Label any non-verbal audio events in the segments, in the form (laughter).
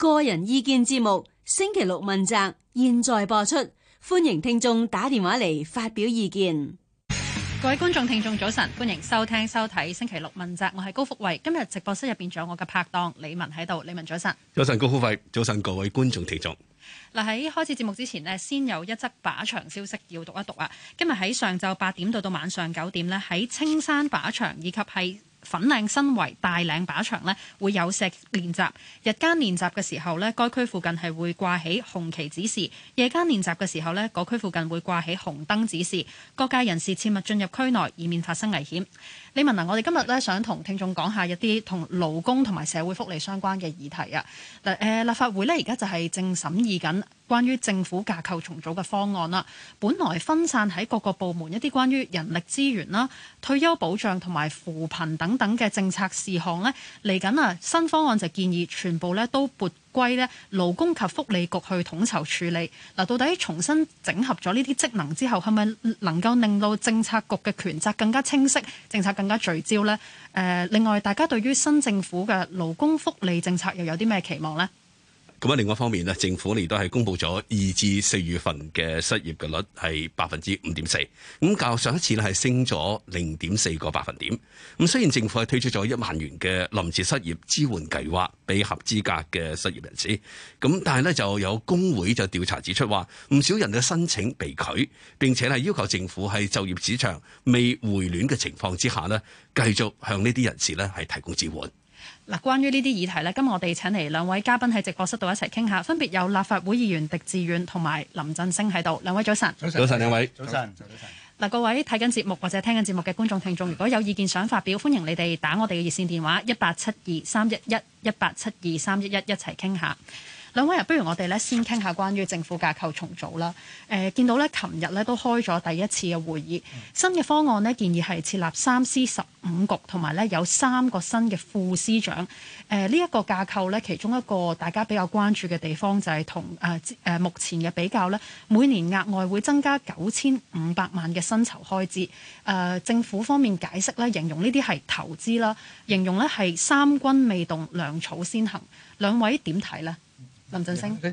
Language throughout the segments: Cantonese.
個人意見節目星期六問責，現在播出，歡迎聽眾打電話嚟發表意見。各位觀眾聽眾早晨，歡迎收聽收睇星期六問責，我係高福慧，今日直播室入邊仲有我嘅拍檔李文喺度，李文早晨，早晨高福慧，早晨各位觀眾聽眾。嗱喺、啊、開始節目之前咧，先有一則靶場消息要讀一讀啊！今日喺上晝八點到到晚上九點咧，喺青山靶場以及係。粉嶺新圍大嶺靶場咧會有石練習，日間練習嘅時候咧，該區附近係會掛起紅旗指示。夜間練習嘅時候咧，嗰區附近會掛起紅燈指示，各界人士切勿進入區內，以免發生危險。李文嗱，我哋今日咧想同聽眾講一下一啲同勞工同埋社會福利相關嘅議題啊嗱，誒立法會呢，而家就係正審議緊關於政府架構重組嘅方案啦。本來分散喺各個部門一啲關於人力資源啦、退休保障同埋扶貧等等嘅政策事項呢，嚟緊啊新方案就建議全部咧都撥。歸咧勞工及福利局去統籌處理。嗱，到底重新整合咗呢啲職能之後，係咪能夠令到政策局嘅權責更加清晰，政策更加聚焦呢？誒、呃，另外，大家對於新政府嘅勞工福利政策又有啲咩期望呢？咁啊，另外一方面咧，政府亦都係公布咗二至四月份嘅失業嘅率係百分之五點四，咁較上一次咧係升咗零點四個百分點。咁雖然政府係推出咗一萬元嘅臨時失業支援計劃俾合資格嘅失業人士，咁但係咧就有工會就調查指出話，唔少人嘅申請被拒，並且係要求政府喺就業市場未回暖嘅情況之下咧，繼續向呢啲人士咧係提供支援。嗱，關於呢啲議題咧，今日我哋請嚟兩位嘉賓喺直播室度一齊傾下，分別有立法會議員狄志遠同埋林振昇喺度。兩位早晨，早晨，早晨，兩位早晨，早晨。嗱，各位睇緊節目或者聽緊節目嘅觀眾聽眾，如果有意見想發表，歡迎你哋打我哋嘅熱線電話 11, 一八七二三一一一八七二三一一一齊傾下。兩位，不如我哋咧先傾下關於政府架構重組啦。誒、呃，見到咧，琴日咧都開咗第一次嘅會議，新嘅方案咧建議係設立三司十五局，同埋咧有三個新嘅副司長。誒、呃，呢、這、一個架構咧，其中一個大家比較關注嘅地方就係同誒誒、呃、目前嘅比較咧，每年額外會增加九千五百萬嘅薪酬開支。誒、呃，政府方面解釋咧，形容呢啲係投資啦，形容咧係三軍未動，糧草先行。兩位點睇呢？林振昇，係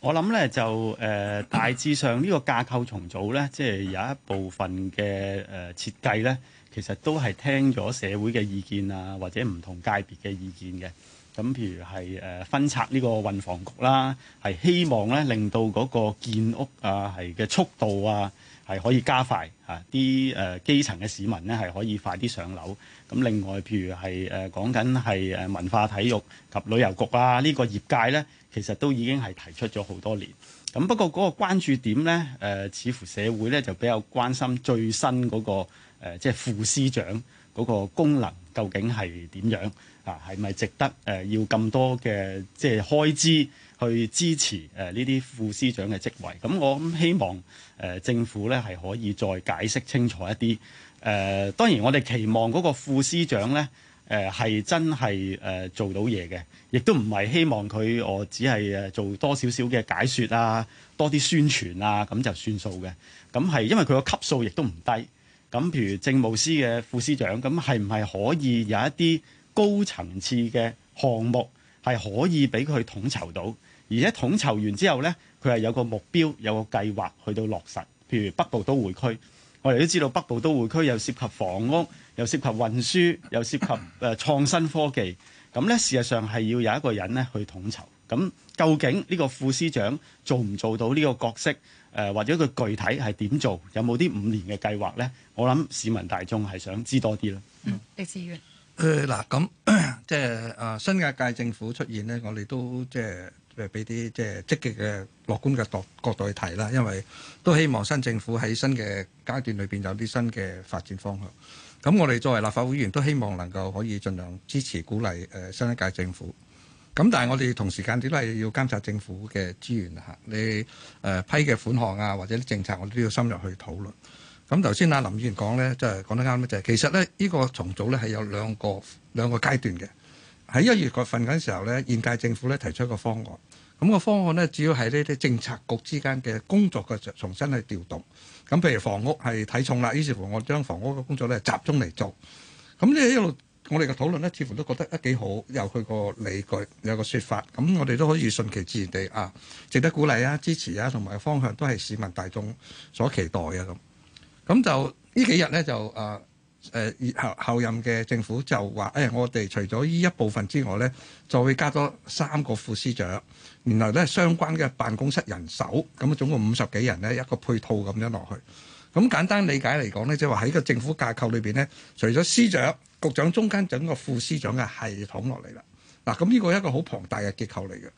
我諗咧就誒、呃、大致上呢個架構重組咧，即、就、係、是、有一部分嘅誒設計咧，其實都係聽咗社會嘅意見啊，或者唔同界別嘅意見嘅。咁譬如係誒、呃、分拆呢個運房局啦，係希望咧令到嗰個建屋啊係嘅速度啊。係可以加快嚇啲誒基層嘅市民呢係可以快啲上樓。咁另外，譬如係誒講緊係誒文化體育及旅遊局啊，呢、這個業界呢其實都已經係提出咗好多年。咁不過嗰個關注點呢，誒、呃、似乎社會呢就比較關心最新嗰、那個、呃、即係副司長嗰個功能究竟係點樣啊？係咪值得誒、呃、要咁多嘅即係開支？去支持誒呢啲副司長嘅職位。咁我咁希望誒、呃、政府咧係可以再解釋清楚一啲誒、呃、當然，我哋期望嗰個副司長咧誒係真係誒、呃、做到嘢嘅，亦都唔係希望佢我只係誒做多少少嘅解說啊，多啲宣傳啊，咁就算數嘅。咁係因為佢個級數亦都唔低。咁譬如政務司嘅副司長，咁係唔係可以有一啲高層次嘅項目係可以俾佢統籌到？而且統籌完之後呢，佢係有個目標，有個計劃去到落實。譬如北部都會區，我哋都知道北部都會區又涉及房屋、又涉及運輸，又涉及誒創新科技。咁呢，事實上係要有一個人呢去統籌。咁究竟呢個副司長做唔做到呢個角色？誒、呃，或者佢具體係點做？有冇啲五年嘅計劃呢？我諗市民大眾係想知多啲啦。狄志遠，誒嗱，咁、呃、即係啊，新加坡政府出現呢，我哋都即係。誒俾啲即係積極嘅、樂觀嘅角角度去提啦，因為都希望新政府喺新嘅階段裏邊有啲新嘅發展方向。咁我哋作為立法會議員，都希望能夠可以盡量支持、鼓勵誒新一屆政府。咁但係我哋同時間都係要監察政府嘅資源啊，你誒批嘅款項啊，或者啲政策，我哋都要深入去討論。咁頭先阿林議員講呢，即係講得啱咧，就係其實咧呢個重組呢，係有兩個兩個階段嘅。喺一月份嗰時候呢，現屆政府咧，提出一個方案，咁個方案呢，主要係呢啲政策局之間嘅工作嘅重新去調動，咁譬如房屋係睇重啦，於是乎我將房屋嘅工作呢，集中嚟做，咁呢一路我哋嘅討論呢，似乎都覺得啊，幾好，有佢個理據，有個説法，咁我哋都可以順其自然地啊，值得鼓勵啊，支持啊，同埋方向都係市民大眾所期待啊咁，咁就呢幾日呢，就啊。誒後後任嘅政府就話：誒、哎、我哋除咗呢一部分之外咧，就會加多三個副司長，然後咧相關嘅辦公室人手，咁啊總共五十幾人咧一個配套咁樣落去。咁簡單理解嚟講咧，即係話喺個政府架構裏邊咧，除咗司長、局長中間整個副司長嘅系統落嚟啦。嗱，咁呢個係一個好龐大嘅結構嚟嘅。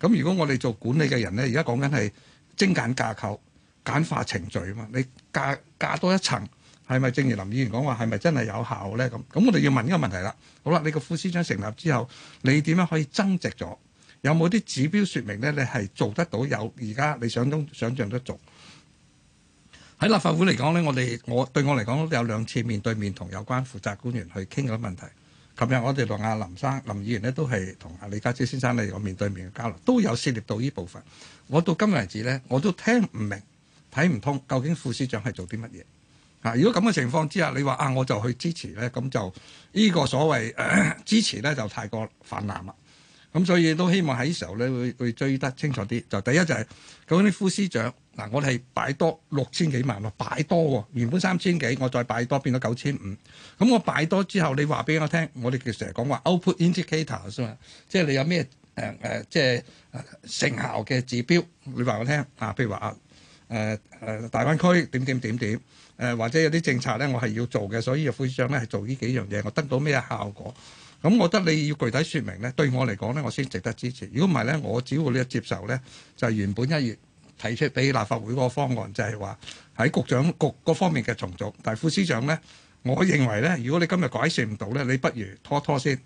咁如果我哋做管理嘅人咧，而家講緊係精簡架構、簡化程序啊嘛，你架加多一層。係咪正如林議員講話，係咪真係有效咧？咁咁，我哋要問呢個問題啦。好啦，你個副司長成立之後，你點樣可以增值咗？有冇啲指標說明咧？你係做得到有而家你想中想像得做喺立法會嚟講咧？我哋我對我嚟講都有兩次面對面同有關負責官員去傾嘅問題。琴日我哋同阿林生林議員咧都係同阿李家超先生咧我面對面嘅交流，都有涉獵到呢部分。我到今日為止咧，我都聽唔明睇唔通，究竟副司長係做啲乜嘢？啊！如果咁嘅情況之下，你話啊，我就去支持咧，咁就呢個所謂咳咳支持咧，就太過泛濫啦。咁所以都希望喺呢時候咧，會會追得清楚啲。就第一就係究竟啲副司長嗱、啊，我哋擺多六千幾萬喎，擺多喎。原本三千幾，我再擺多變咗九千五。咁我擺多之後，你話俾我聽，我哋成日講話 output indicators 嘛、呃呃，即係你有咩誒誒，即係成效嘅指標，你話我聽啊。譬如話誒誒，大灣區點點點點。誒或者有啲政策咧，我係要做嘅，所以副司長咧係做呢幾樣嘢，我得到咩效果？咁我覺得你要具體説明咧，對我嚟講咧，我先值得支持。如果唔係咧，我只會一接受咧，就係原本一月提出俾立法會嗰個方案，就係話喺局長局嗰方面嘅重組。但係副司長咧，我認為咧，如果你今日改善唔到咧，你不如拖拖先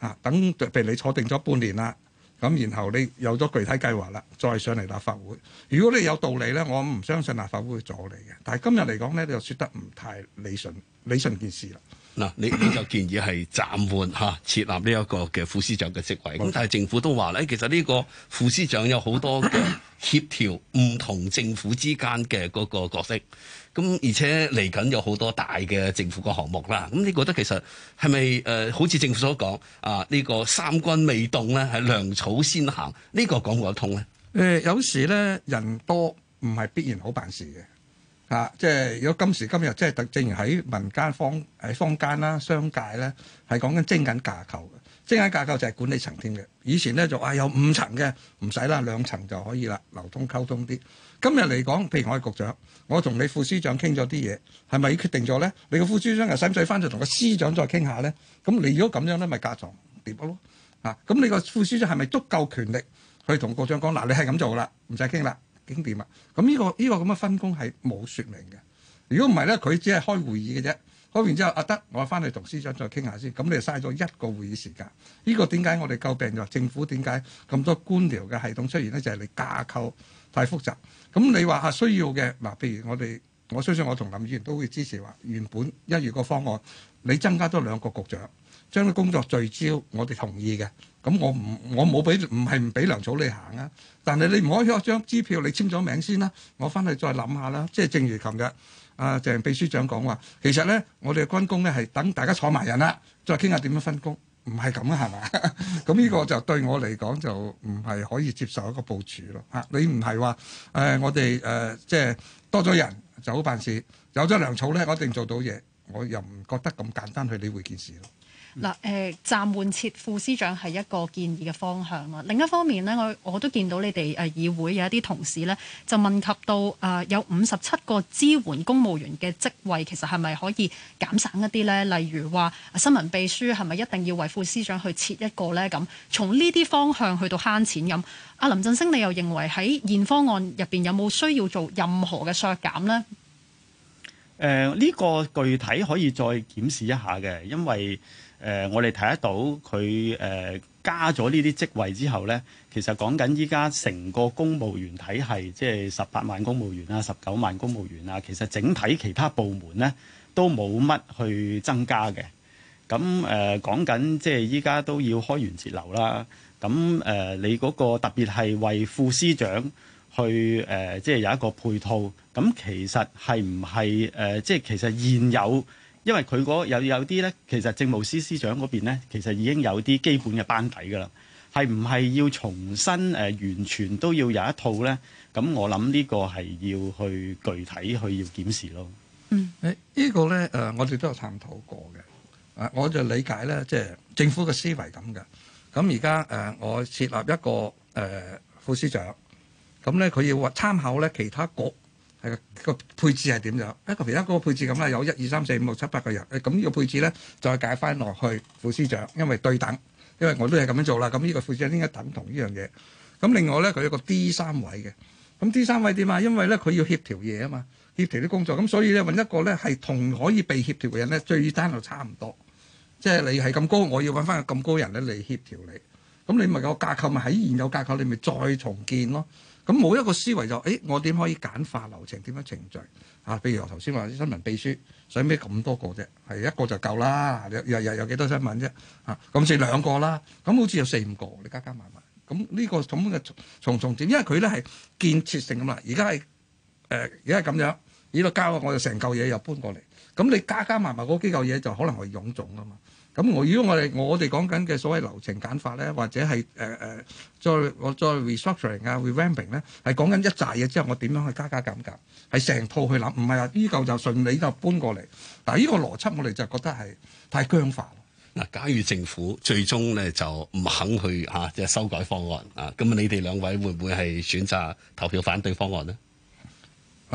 啊，等被你坐定咗半年啦。咁然後你有咗具體計劃啦，再上嚟立法會。如果你有道理咧，我唔相信立法會會阻你嘅。但係今日嚟講咧，就説得唔太理順，理順件事啦。嗱，你你就建議係暫緩嚇設立呢一個嘅副司長嘅職位。咁 (laughs) 但係政府都話咧，其實呢個副司長有好多。 (laughs) 協調唔同政府之間嘅嗰個角色，咁而且嚟緊有好多大嘅政府個項目啦。咁你覺得其實係咪誒好似政府所講啊？呢、呢個三軍未動咧，係糧草先行，呢個、說說呢個講唔講得通咧？誒、呃、有時咧人多唔係必然好辦事嘅嚇、啊，即係如果今時今日即係特，正喺民間方喺坊間啦、商界咧，係講緊精緊架構嘅。即係架構就係管理層添嘅，以前咧就話有五層嘅，唔使啦，兩層就可以啦，流通溝通啲。今日嚟講，譬如我係局長，我同你副司長傾咗啲嘢，係咪已經決定咗咧？你個副司長又使唔使翻去同個司長再傾下咧？咁你如果咁樣咧，咪架牀碟咯嚇？咁你個副司長係咪足夠權力去同局長講嗱、啊？你係咁做啦，唔使傾啦，傾掂啦。咁呢、呢個呢、呢個咁嘅分工係冇説明嘅。如果唔係咧，佢只係開會議嘅啫。開完之後，阿、啊、德，我翻去同司長再傾下先。咁你嘥咗一個會議時間，呢、這個點解我哋救病就是、政府點解咁多官僚嘅系統出現呢？就係、是、你架構太複雜。咁你話啊需要嘅嗱，譬、啊、如我哋，我相信我同林議員都會支持話，原本一月個方案，你增加咗兩個局長，將啲工作聚焦，我哋同意嘅。咁我唔，我冇俾，唔係唔俾糧草你行啊。但係你唔可以話將支票你簽咗名先啦、啊，我翻去再諗下啦。即係正如琴日。啊、呃！鄭秘書長講話，其實咧，我哋嘅軍工咧係等大家坐埋人啦，再傾下點樣分工，唔係咁啊，係嘛？咁呢個就對我嚟講就唔係可以接受一個部署咯。啊，你唔係話誒我哋誒、呃、即係多咗人就好辦事，有咗糧草咧，我一定做到嘢。我又唔覺得咁簡單去理會件事咯。嗱，誒、嗯、暫緩設副司長係一個建議嘅方向啦。另一方面咧，我我都見到你哋誒議會有一啲同事咧，就問及到誒、呃、有五十七個支援公務員嘅職位，其實係咪可以減省一啲呢？例如話新聞秘書係咪一定要為副司長去設一個呢？咁從呢啲方向去到慳錢咁。阿林振昇，你又認為喺現方案入邊有冇需要做任何嘅削減呢？誒、呃，呢、這個具體可以再檢視一下嘅，因為。誒、呃，我哋睇得到佢誒、呃、加咗呢啲職位之後咧，其實講緊依家成個公務員體系，即係十八萬公務員啊，十九萬公務員啊，其實整體其他部門咧都冇乜去增加嘅。咁誒講緊即係依家都要開源節流啦。咁誒、呃，你嗰個特別係為副司長去誒、呃，即係有一個配套。咁其實係唔係誒？即係其實現有。因為佢嗰有有啲咧，其實政務司司長嗰邊咧，其實已經有啲基本嘅班底噶啦，係唔係要重新誒、呃、完全都要有一套咧？咁我諗呢個係要去具體去要檢視咯。嗯、誒、這個、呢個咧誒，我哋都有探討過嘅。啊，我就理解咧，即係政府嘅思維咁嘅。咁而家誒，我設立一個誒、呃、副司長，咁咧佢要話參考咧其他國。配個配置係點樣？一個而家個配置咁啦，有一二三四五六七八個人，咁呢個配置咧再解翻落去副司長，因為對等，因為我都係咁樣做啦。咁呢個副司長應該等同呢樣嘢。咁另外咧，佢有個 D 三位嘅，咁 D 三位點啊？因為咧佢要協調嘢啊嘛，協調啲工作。咁所以咧揾一個咧係同可以被協調嘅人咧，最低單數差唔多。即係你係咁高，我要揾翻咁高人咧嚟協調你。咁你咪有個架構咪喺現有架構你咪再重建咯。咁冇一個思維就是，誒，我點可以簡化流程？點樣程序？啊，譬如我頭先話啲新聞秘書，使咩咁多個啫？係一個就夠啦，有有有幾多新聞啫？啊，咁似兩個啦。咁、啊嗯、好似有四五個，你加加埋埋，咁、嗯、呢、這個總嘅重重點，因為佢咧係建設性咁啦。而家係誒，而家咁樣，而家交我，我就成嚿嘢又搬過嚟。咁、嗯、你加加埋埋嗰幾嚿嘢就可能係臃腫啊嘛。咁我如果我哋我哋講緊嘅所謂流程簡化咧，或者係誒誒再我再 restructuring 啊 revamping 咧，係講緊一紮嘢之後，我點樣去加加減減，係成套去諗，唔係話依舊就順理就搬過嚟。但係依個邏輯，我哋就覺得係太僵化。嗱，假如政府最終咧就唔肯去嚇即係修改方案啊，咁你哋兩位會唔會係選擇投票反對方案咧？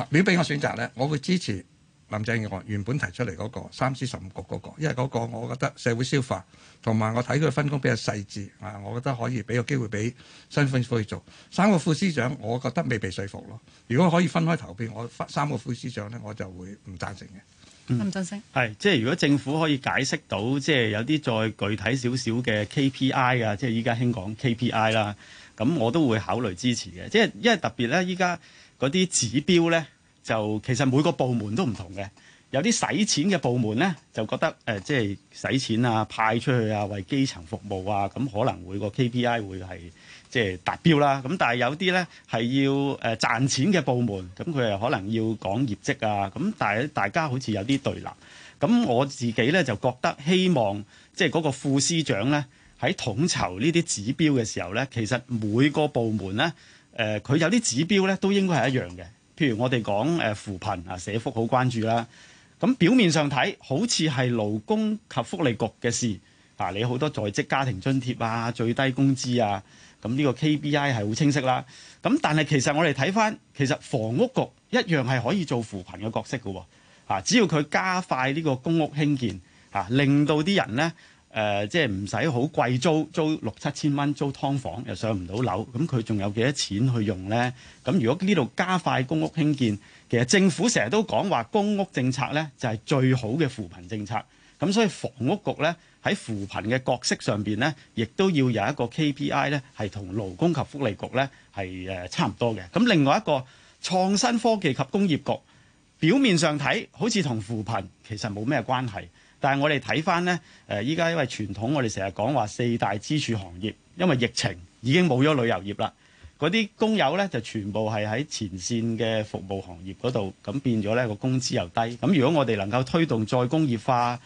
唔俾我選擇咧，我會支持。林鄭月娥原本提出嚟嗰、那個三司十五局嗰、那個，因為嗰個我覺得社會消化同埋我睇佢分工比較細緻啊，我覺得可以俾個機會俾新分司去做三個副司長，我覺得未被說服咯。如果可以分開投票，我三個副司長咧，我就會唔贊成嘅。係唔珍惜？係即係如果政府可以解釋到，即係有啲再具體少少嘅 KPI 啊，即係依家興講 KPI 啦，咁我都會考慮支持嘅。即係因為特別咧，依家嗰啲指標咧。就其實每個部門都唔同嘅，有啲使錢嘅部門咧，就覺得誒即係使錢啊、派出去啊、為基層服務啊，咁、嗯、可能每個會個 KPI 會係即係達標啦。咁、嗯、但係有啲咧係要誒賺錢嘅部門，咁佢係可能要講業績啊。咁但係大家好似有啲對立。咁、嗯、我自己咧就覺得希望即係嗰個副司長咧喺統籌呢啲指標嘅時候咧，其實每個部門咧，誒、呃、佢有啲指標咧都應該係一樣嘅。譬如我哋講誒扶貧啊，社福好關注啦。咁表面上睇好似係勞工及福利局嘅事啊，你好多在職家庭津貼啊、最低工資啊，咁呢個 KBI 係好清晰啦。咁但係其實我哋睇返，其實房屋局一樣係可以做扶貧嘅角色嘅喎。啊，只要佢加快呢個公屋興建啊，令到啲人咧。誒、呃，即係唔使好貴租，租六七千蚊租劏房，又上唔到樓，咁佢仲有幾多錢去用呢？咁如果呢度加快公屋興建，其實政府成日都講話公屋政策呢就係最好嘅扶貧政策。咁所以房屋局呢，喺扶貧嘅角色上邊呢，亦都要有一個 KPI 呢係同勞工及福利局呢係誒差唔多嘅。咁另外一個創新科技及工業局，表面上睇好似同扶貧其實冇咩關係。但係我哋睇翻呢，誒依家因為傳統，我哋成日講話四大支柱行業，因為疫情已經冇咗旅遊業啦。嗰啲工友呢，就全部係喺前線嘅服務行業嗰度，咁變咗呢個工資又低。咁如果我哋能夠推動再工業化，誒、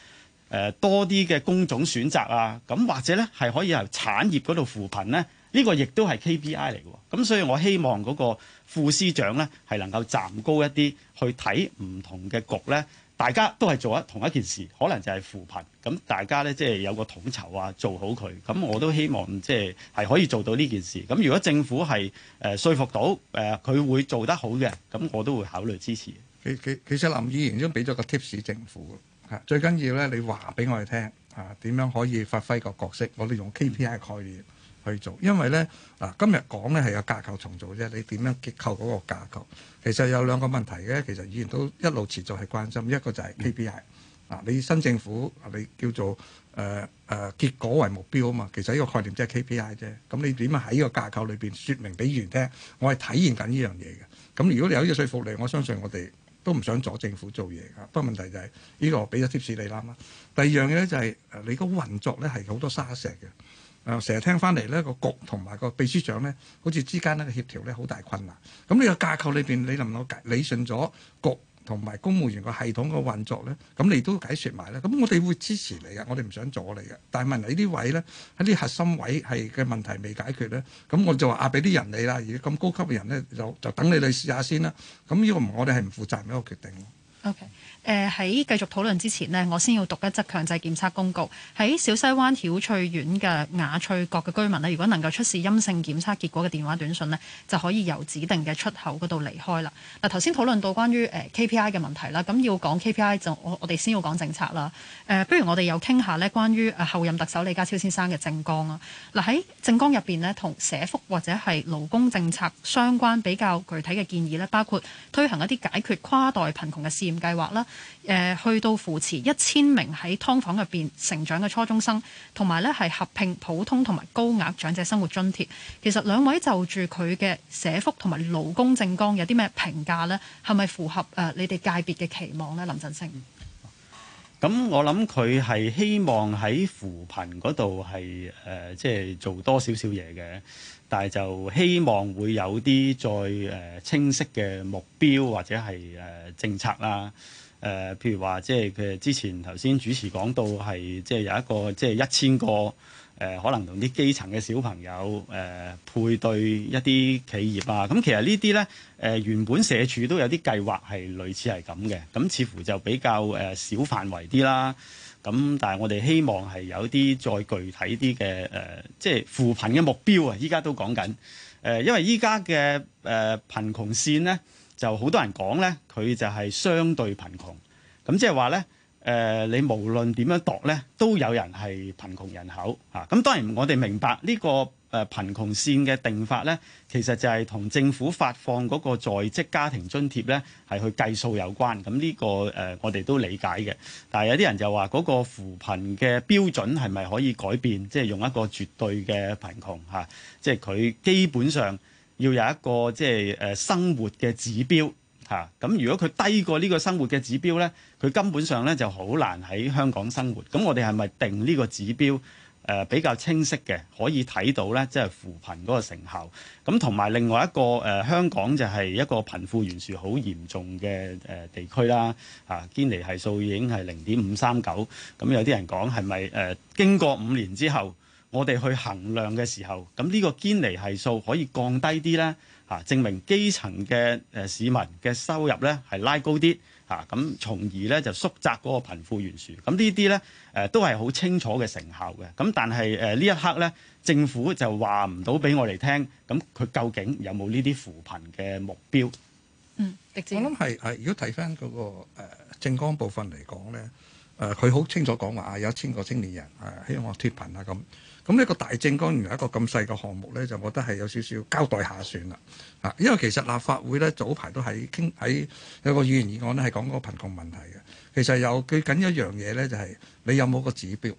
呃、多啲嘅工種選擇啊，咁或者呢係可以由產業嗰度扶貧呢，呢、呢個亦都係 KPI 嚟㗎。咁所以我希望嗰個副司長呢，係能夠站高一啲去睇唔同嘅局呢。大家都係做一同一件事，可能就係扶貧咁，大家呢，即係有個統籌啊，做好佢咁，我都希望即係係可以做到呢件事。咁如果政府係誒説服到誒佢會做得好嘅，咁我都會考慮支持。其其其實林議員已經俾咗個 tips 政府，嚇最緊要呢，你話俾我哋聽嚇點樣可以發揮個角色，我哋用 KPI 概念，去做，因為咧嗱，今日講咧係有架構重組啫。你點樣結構嗰個架構？其實有兩個問題嘅。其實議員都一路持續係關心一個就係 KPI。嗱，你新政府你叫做誒誒結果為目標啊嘛。其實呢個概念即係 KPI 啫。咁你點樣喺呢個架構裏邊説明俾議員聽？我係體現緊呢樣嘢嘅。咁如果你有呢個說服力，我相信我哋都唔想阻政府做嘢噶。不過問題就係呢個俾咗貼士你啦嘛。第二樣嘢咧就係你個運作咧係好多沙石嘅。誒，成日、嗯、聽翻嚟咧，個局同埋個秘書長咧，好似之間呢個協調咧，好大困難。咁你個架構裏邊，你能唔能夠理順咗局同埋公務員個系統個運作咧，咁你都解説埋咧。咁我哋會支持你嘅，我哋唔想阻你嘅。但係問你啲位咧，喺啲核心位係嘅問題未解決咧，咁我就話啊，俾啲人你啦。而咁高級嘅人咧，就就等你嚟試下先啦。咁呢個我哋係唔負責呢個決定咯。OK。誒喺、呃、繼續討論之前呢，我先要讀一則強制檢測公告。喺小西灣曉翠苑嘅雅翠閣嘅居民呢，如果能夠出示陰性檢測結果嘅電話短信呢，就可以由指定嘅出口嗰度離開啦。嗱、呃，頭先討論到關於誒、呃、KPI 嘅問題啦，咁要講 KPI 就我我哋先要講政策啦。誒、呃，不如我哋又傾下呢，關於後任特首李家超先生嘅政綱啊。嗱、呃，喺政綱入邊呢，同社福或者係勞工政策相關比較具體嘅建議呢，包括推行一啲解決跨代貧窮嘅試驗計劃啦。誒，去到扶持一千名喺劏房入邊成長嘅初中生，同埋咧，係合併普通同埋高額長者生活津貼。其實兩位就住佢嘅社福同埋勞工政綱有啲咩評價呢？係咪符合誒、呃、你哋界別嘅期望呢？林振昇。咁、嗯、我諗佢係希望喺扶貧嗰度係誒，即、呃、係、就是、做多少少嘢嘅，但係就希望會有啲再誒、呃、清晰嘅目標或者係誒、呃、政策啦。誒、呃，譬如話，即係佢之前頭先主持講到，係即係有一個即係一千個誒，可能同啲基層嘅小朋友誒、呃、配對一啲企業啊。咁、嗯、其實呢啲咧誒，原本社署都有啲計劃係類似係咁嘅。咁、嗯、似乎就比較誒、呃、小範圍啲啦。咁但係我哋希望係有啲再具體啲嘅誒，即係扶貧嘅目標啊。依家都講緊誒、呃，因為依家嘅誒貧窮線呢。就好多人講呢，佢就係相對貧窮，咁即係話呢，誒、呃、你無論點樣度呢，都有人係貧窮人口嚇。咁、啊、當然我哋明白呢、呢個誒、呃、貧窮線嘅定法呢，其實就係同政府發放嗰個在職家庭津貼呢係去計數有關。咁、啊、呢、呢個誒、呃、我哋都理解嘅，但係有啲人就話嗰個扶貧嘅標準係咪可以改變，即、就、係、係、用一個絕對嘅貧窮嚇，即係佢基本上，要有一個即係誒、呃、生活嘅指標嚇，咁、啊、如果佢低過呢個生活嘅指標呢，佢根本上呢就好難喺香港生活。咁我哋係咪定呢個指標誒、呃、比較清晰嘅，可以睇到呢，即係扶貧嗰個成效？咁同埋另外一個誒、呃、香港就係一個貧富懸殊好嚴重嘅誒地區啦，嚇、啊、堅尼係數已經係零點五三九，咁有啲人講係咪誒經過五年之後？我哋去衡量嘅時候，咁呢個堅尼係數可以降低啲咧，嚇證明基層嘅誒市民嘅收入咧係拉高啲，嚇咁從而咧就縮窄嗰個貧富懸殊。咁呢啲咧誒都係好清楚嘅成效嘅。咁但係誒呢一刻咧，政府就話唔到俾我哋聽，咁佢究竟有冇呢啲扶貧嘅目標？嗯，狄志遠我諗係係，如果睇返嗰個誒政綱部分嚟講咧，誒佢好清楚講話啊，有一千個青年人啊希望脫貧啊咁。咁呢個大政綱原來一個咁細嘅項目呢，就覺得係有少少交代下算啦嚇。因為其實立法會呢，早排都係傾喺有個議員議案咧，係講嗰個貧窮問題嘅。其實有最緊要一樣嘢呢，就係你有冇個指標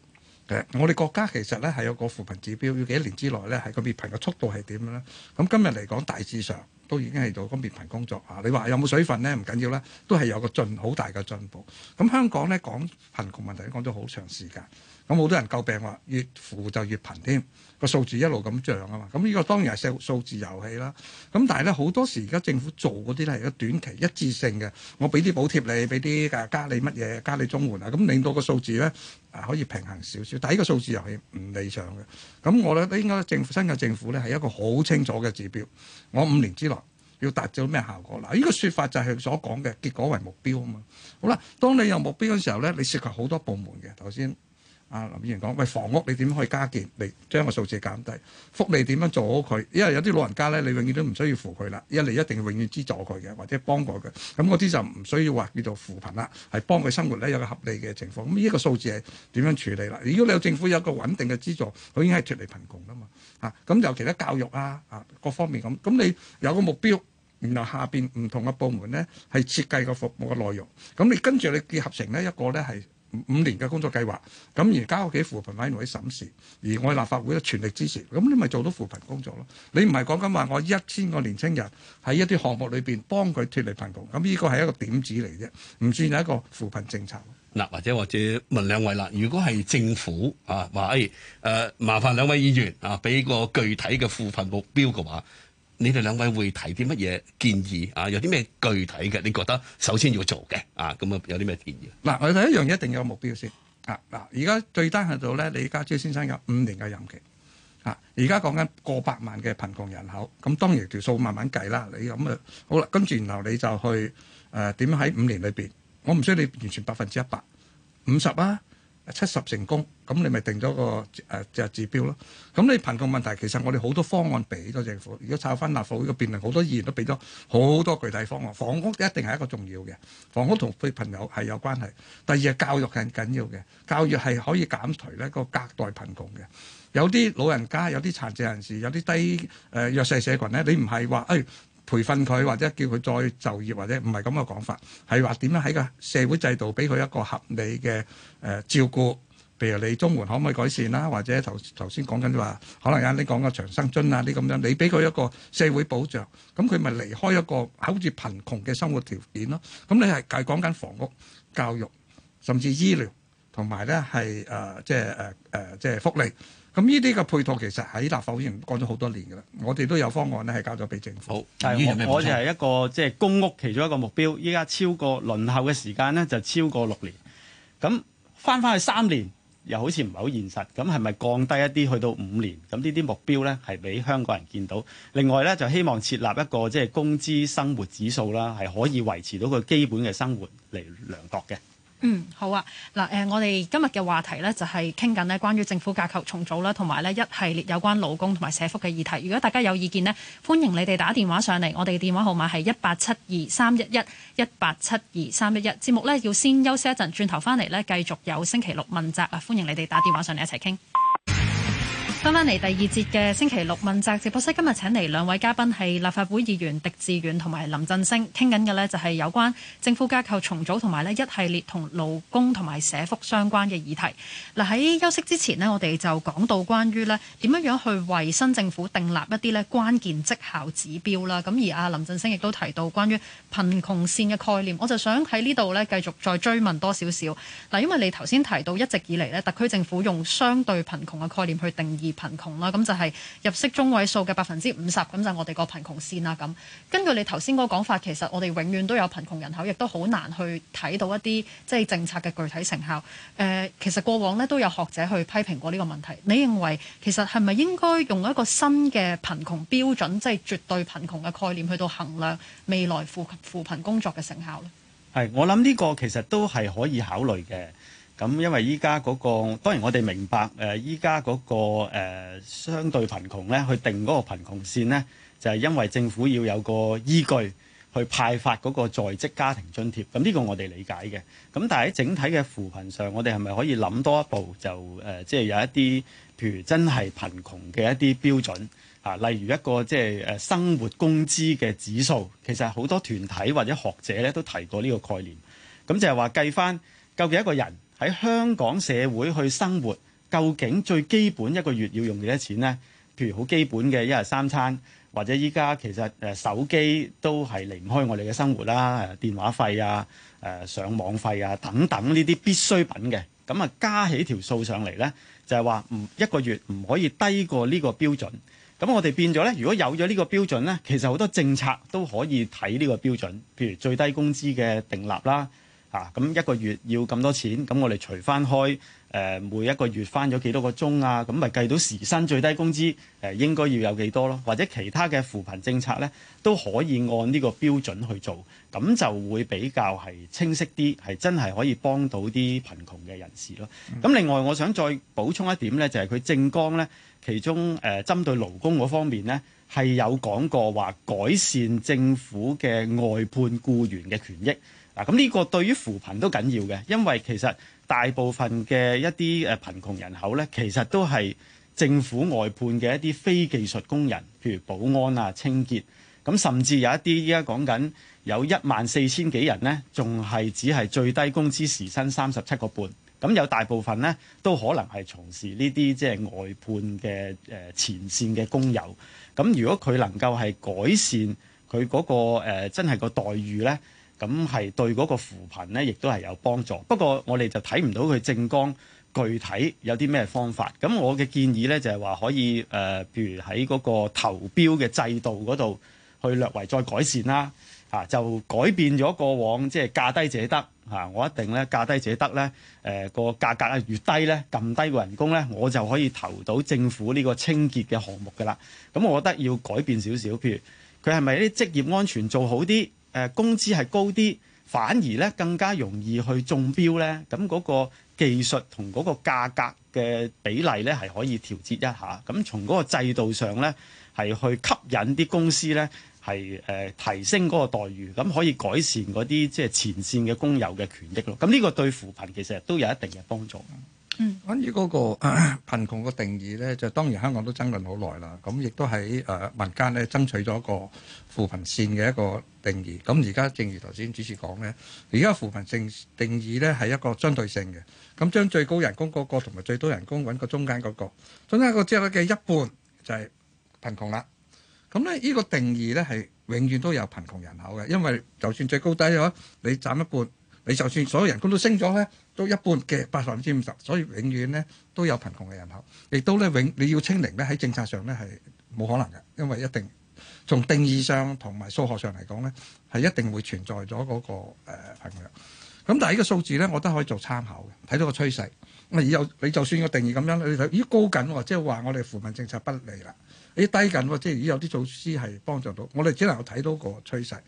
誒？我哋國家其實呢，係有個扶貧指標，要幾年之內呢，係個滅貧嘅速度係點樣呢？咁今日嚟講大致上都已經係做緊滅貧工作嚇。你話有冇水分呢？唔緊要啦，都係有個進好大嘅進步。咁香港呢，講貧窮問題都講咗好長時間。咁好多人詬病話，越扶就越貧添。個數字一路咁漲啊嘛。咁、這、呢個當然係數數字遊戲啦。咁但係咧，好多時而家政府做嗰啲咧係一短期一致性嘅，我俾啲補貼你，俾啲誒加你乜嘢，加你綜援啊，咁令到個數字咧誒可以平衡少少。但係呢個數字遊戲唔理想嘅。咁我覺得應該政府新嘅政府咧係一個好清楚嘅指標，我五年之內要達到咩效果嗱？呢、這個説法就係所講嘅結果為目標啊嘛。好啦，當你有目標嘅時候咧，你涉及好多部門嘅頭先。啊！林議員講，喂，房屋你點可以加建你將個數字減低？福利點樣做好佢？因為有啲老人家咧，你永遠都唔需要扶佢啦，一嚟一定要永遠資助佢嘅，或者幫過佢。咁嗰啲就唔需要話叫做扶貧啦，係幫佢生活咧有個合理嘅情況。咁呢個數字係點樣處理啦？如果你有政府有一個穩定嘅資助，佢已經係脫離貧窮啦嘛。啊，咁尤其他教育啊，啊各方面咁。咁、啊、你有個目標，然後下邊唔同嘅部門咧係設計個服務嘅內容。咁你跟住你結合成呢一個咧係。五年嘅工作計劃，咁而家屋企扶貧委員會審視，而我哋立法會咧全力支持，咁你咪做到扶貧工作咯？你唔係講緊話我一千個年青人喺一啲項目裏邊幫佢脱離貧窮，咁呢個係一個點子嚟啫，唔算係一個扶貧政策。嗱，或者或者問兩位啦，如果係政府啊話誒誒，麻煩兩位議員啊，俾個具體嘅扶貧目標嘅話。你哋兩位會提啲乜嘢建議啊？有啲咩具體嘅？你覺得首先要做嘅啊？咁啊，有啲咩建議？嗱，我哋第一樣一定有目標先啊！嗱，而家最低限度咧，李家超先生有五年嘅任期啊！而家講緊過百萬嘅貧窮人口，咁當然條數慢慢計啦。你咁啊，好啦，跟住然後你就去誒，點樣喺五年裏邊，我唔需要你完全百分之一百五十啊！七十成功，咁你咪定咗個誒隻指標咯。咁你貧窮問題其實我哋好多方案俾咗政府。如果炒翻立法會嘅辯論，好多議員都俾咗好多具體方案。房屋一定係一個重要嘅，房屋同佢朋友係有關係。第二係教育係緊要嘅，教育係可以減除呢個隔代貧窮嘅。有啲老人家，有啲殘疾人士，有啲低誒、呃、弱勢社群，咧，你唔係話誒。哎培訓佢或者叫佢再就業或者唔係咁嘅講法，係話點樣喺個社會制度俾佢一個合理嘅誒、呃、照顧，譬如你綜援可唔可以改善啦、啊？或者頭頭先講緊話，可能啱啱你講嘅長生津啊啲咁樣，你俾佢一個社會保障，咁佢咪離開一個好似貧窮嘅生活條件咯、啊？咁、嗯、你係講緊房屋、教育、甚至醫療同埋咧係誒即係誒誒即係福利。咁呢啲嘅配套其實喺立法會入面講咗好多年噶啦，我哋都有方案咧，係交咗俾政府。但係我，我就係一個即係、就是、公屋其中一個目標，依家超過輪候嘅時間咧就超過六年，咁翻翻去三年又好似唔係好現實，咁係咪降低一啲去到五年？咁呢啲目標咧係俾香港人見到。另外咧就希望設立一個即係、就是、工資生活指數啦，係可以維持到個基本嘅生活嚟量度嘅。嗯，好啊。嗱，誒，我哋今日嘅話題呢，就係傾緊呢，關於政府架構重組啦，同埋呢一系列有關勞工同埋社福嘅議題。如果大家有意見呢，歡迎你哋打電話上嚟。我哋電話號碼係一八七二三一一一八七二三一一。節目呢，要先休息一陣，轉頭返嚟呢，繼續有星期六問責啊！歡迎你哋打電話上嚟一齊傾。翻返嚟第二節嘅星期六問責直播室，今日請嚟兩位嘉賓係立法會議員狄志遠同埋林振昇，傾緊嘅咧就係有關政府架構重組同埋咧一系列同勞工同埋社福相關嘅議題。嗱，喺休息之前咧，我哋就講到關於咧點樣樣去為新政府訂立一啲咧關鍵績效指標啦。咁而阿林振昇亦都提到關於貧窮綫嘅概念，我就想喺呢度咧繼續再追問多少少。嗱，因為你頭先提到一直以嚟咧特區政府用相對貧窮嘅概念去定義。貧窮啦，咁就係入息中位數嘅百分之五十，咁就我哋個貧窮線啦。咁根據你頭先嗰講法，其實我哋永遠都有貧窮人口，亦都好難去睇到一啲即係政策嘅具體成效。誒、呃，其實過往呢都有學者去批評過呢個問題。你認為其實係咪應該用一個新嘅貧窮標準，即、就、係、是、絕對貧窮嘅概念去到衡量未來扶扶貧工作嘅成效咧？係，我諗呢個其實都係可以考慮嘅。咁，因為依家嗰個當然我哋明白誒依家嗰個誒、呃、相對貧窮咧，去定嗰個貧窮線咧，就係、是、因為政府要有個依據去派發嗰個在職家庭津貼，咁、這、呢個我哋理解嘅。咁但係喺整體嘅扶貧上，我哋係咪可以諗多一步，就誒、呃、即係有一啲譬如真係貧窮嘅一啲標準啊？例如一個即係誒、啊、生活工資嘅指數，其實好多團體或者學者咧都提過呢個概念。咁就係話計翻究竟一個人。喺香港社會去生活，究竟最基本一個月要用幾多錢呢？譬如好基本嘅一日三餐，或者依家其實誒手機都係離唔開我哋嘅生活啦，電話費啊、誒、呃、上網費啊等等呢啲必需品嘅。咁啊加起條數上嚟呢，就係話唔一個月唔可以低過呢個標準。咁我哋變咗呢，如果有咗呢個標準呢，其實好多政策都可以睇呢個標準，譬如最低工資嘅訂立啦。啊！咁一個月要咁多錢，咁我哋除翻開誒、呃、每一個月翻咗幾多個鐘啊，咁咪計到時薪最低工資誒、呃、應該要有幾多咯？或者其他嘅扶貧政策呢，都可以按呢個標準去做，咁就會比較係清晰啲，係真係可以幫到啲貧窮嘅人士咯。咁、嗯、另外，我想再補充一點呢，就係佢政綱呢，其中誒針對勞工嗰方面呢，係有講過話改善政府嘅外判僱員嘅權益。嗱，咁呢個對於扶貧都緊要嘅，因為其實大部分嘅一啲誒貧窮人口咧，其實都係政府外判嘅一啲非技術工人，譬如保安啊、清潔，咁、嗯、甚至有一啲依家講緊有一萬四千幾人咧，仲係只係最低工資時薪三十七個半，咁有大部分咧都可能係從事呢啲即係外判嘅誒前綫嘅工友，咁、嗯、如果佢能夠，係改善佢嗰、嗰個誒、呃、真係個待遇咧。咁係對嗰個扶貧咧，亦都係有幫助。不過我哋就睇唔到佢政綱具體有啲咩方法。咁我嘅建議咧就係話可以誒，譬如喺嗰個投標嘅制度嗰度去略為再改善啦。啊，就改變咗過往即係價低者得。啊，我一定咧價低者得咧。誒個價格啊越低咧，撳低個人工咧，我就可以投到政府呢個清潔嘅項目㗎啦。咁我覺得要改變少少，譬如佢係咪啲職業安全做好啲？誒工資係高啲，反而咧更加容易去中標咧，咁嗰個技術同嗰個價格嘅比例咧係可以調節一下。咁從嗰個制度上咧，係去吸引啲公司咧係誒提升嗰個待遇，咁可以改善嗰啲即係前線嘅工友嘅權益咯。咁呢個對扶貧其實都有一定嘅幫助。嗯，關於嗰個貧窮嘅定義咧，就當然香港都爭論好耐啦。咁亦都喺誒民間咧爭取咗一個扶貧線嘅一個定義。咁而家正如頭先主持講咧，而家扶貧線定義咧係一個相對性嘅。咁將最高人工嗰個同埋最多人工揾個中間嗰個，中間個之後嘅一半就係貧窮啦。咁咧呢個定義咧係永遠都有貧窮人口嘅，因為就算最高低咗，你斬一半，你就算所有人工都升咗咧。都一半嘅百分之五十，所以永遠咧都有貧窮嘅人口，亦都咧永你要清零咧喺政策上咧係冇可能嘅，因為一定從定義上同埋數學上嚟講咧係一定會存在咗嗰、那個誒貧窮。咁、呃、但係呢個數字咧我都可以做參考嘅，睇到個趨勢。咁啊而有你就算個定義咁樣，你睇咦高緊喎、啊，即係話我哋扶貧政策不利啦；咦低緊喎、啊，即係已有啲措施係幫助到。我哋只能夠睇到個趨勢。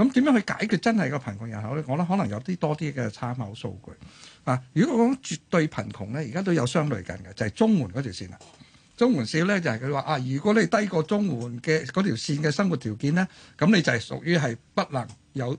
咁點樣去解決真係個貧困人口咧？我覺得可能有啲多啲嘅參考數據啊。如果講絕對貧窮咧，而家都有相類近嘅，就係中門嗰條線啦。中門線咧就係佢話啊，如果你低過中門嘅嗰條線嘅生活條件咧，咁你就係屬於係不能有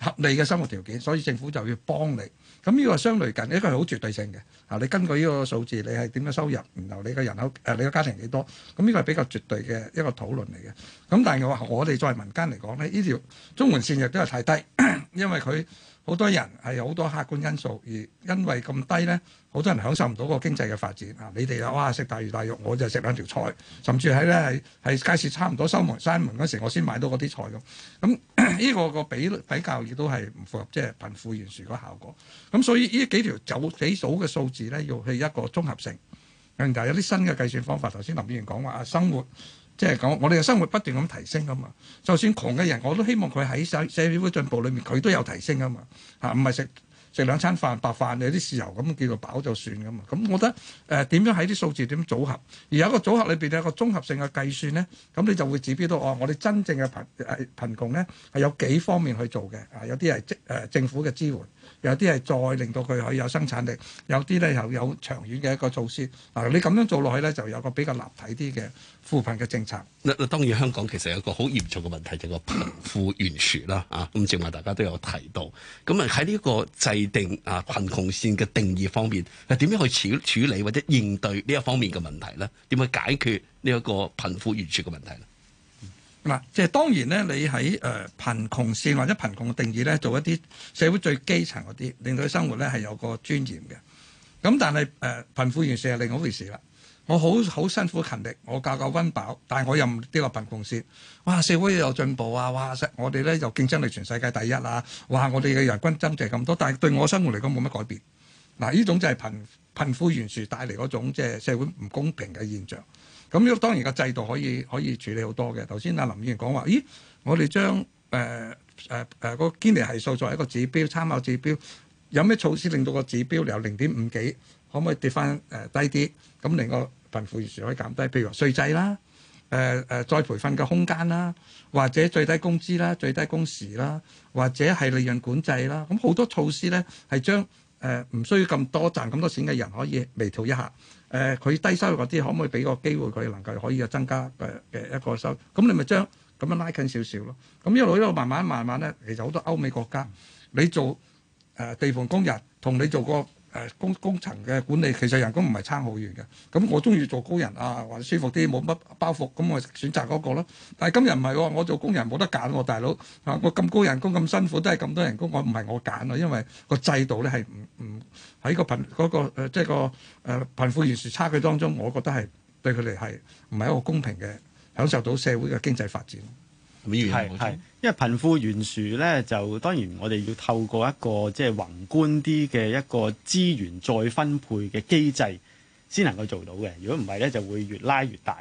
合理嘅生活條件，所以政府就要幫你。咁呢個係相對近，呢個係好絕對性嘅嚇、啊。你根據呢個數字，你係點樣收入，然後你嘅人口誒、呃，你嘅家庭幾多？咁、嗯、呢、這個係比較絕對嘅一個討論嚟嘅。咁、嗯、但係我我哋作為民間嚟講咧，呢條中環線亦都係太低，咳咳因為佢。好多人係有好多客觀因素，而因為咁低咧，好多人享受唔到個經濟嘅發展啊！你哋啊，哇，食大魚大肉，我就食兩條菜，甚至喺咧係街市差唔多收門閂門嗰時，我先買到嗰啲菜咁。咁呢個個比比較亦都係唔符合即係、就是、貧富懸殊嗰效果。咁所以呢幾條早幾早嘅數字咧，要去一個綜合性。但係有啲新嘅計算方法，頭先林議員講話啊生活。即係講，我哋嘅生活不斷咁提升啊嘛。就算窮嘅人，我都希望佢喺社社會嘅進步裏面，佢都有提升啊嘛。嚇、啊，唔係食食兩餐飯白飯，有啲豉油咁叫做飽就算噶嘛。咁、嗯、我覺得誒點、呃、樣喺啲數字點組合，而有一個組合裏邊有一個綜合性嘅計算咧，咁你就會指標到哦，我哋真正嘅貧誒、啊、貧窮咧係有幾方面去做嘅啊，有啲係政誒政府嘅支援。有啲係再令到佢可以有生產力，有啲咧又有長遠嘅一個措施嗱。你咁樣做落去咧，就有個比較立體啲嘅扶貧嘅政策。嗱嗱，當然香港其實有一個好嚴重嘅問題，就係個貧富懸殊啦啊。咁正話大家都有提到咁啊。喺呢個制定啊貧窮線嘅定義方面，係點樣去處處理或者應對呢一方面嘅問題咧？點去解決呢一個貧富懸殊嘅問題咧？嗱，即係當然咧，你喺誒貧窮線或者貧窮嘅定義咧，做一啲社會最基層嗰啲，令到佢生活咧係有個尊嚴嘅。咁但係誒貧富懸殊係另外一回事啦。我好好辛苦勤力，我教夠温飽，但係我又唔跌落貧窮線。哇！社會又有進步啊！哇！我哋咧又競爭力全世界第一啊！哇！我哋嘅人均增值咁多，但係對我生活嚟講冇乜改變。嗱、啊，呢種就係貧貧富懸殊帶嚟嗰種即係社會唔公平嘅現象。咁呢個當然個制度可以可以處理好多嘅。頭先阿林議員講話，咦，我哋將誒誒誒個堅尼係數作為一個指標，參考指標，有咩措施令到個指標由零點五幾，可唔可以跌返誒低啲？咁令個貧富懸殊可以減低，譬如話稅制啦、誒、呃、誒、呃、再培訓嘅空間啦，或者最低工資啦、最低工時啦，或者係利潤管制啦，咁好多措施咧係將誒唔、呃、需要咁多賺咁多錢嘅人可以微調一下。誒佢、呃、低收入嗰啲可唔可以俾個機會佢能夠可以又增加誒誒一個收入，咁你咪將咁樣拉近少少咯。咁一路一路慢慢慢慢咧，其實好多歐美國家，你做誒地盤工人同你做個誒工工程嘅管理，其實人工唔係差好遠嘅。咁我鍾意做工人啊，或者舒服啲，冇乜包袱，咁我選擇嗰個咯。但係今日唔係我做工人冇得揀我大佬啊，我咁高人工咁辛苦，都係咁多人工，我唔係我揀咯，因為個制度咧係唔唔。喺個貧嗰、個誒即係、呃就是、個誒貧富懸殊差距當中，我覺得係對佢哋係唔係一個公平嘅享受到社會嘅經濟發展。係係員，因為貧富懸殊咧，就當然我哋要透過一個即係宏觀啲嘅一個資源再分配嘅機制先能夠做到嘅。如果唔係咧，就會越拉越大。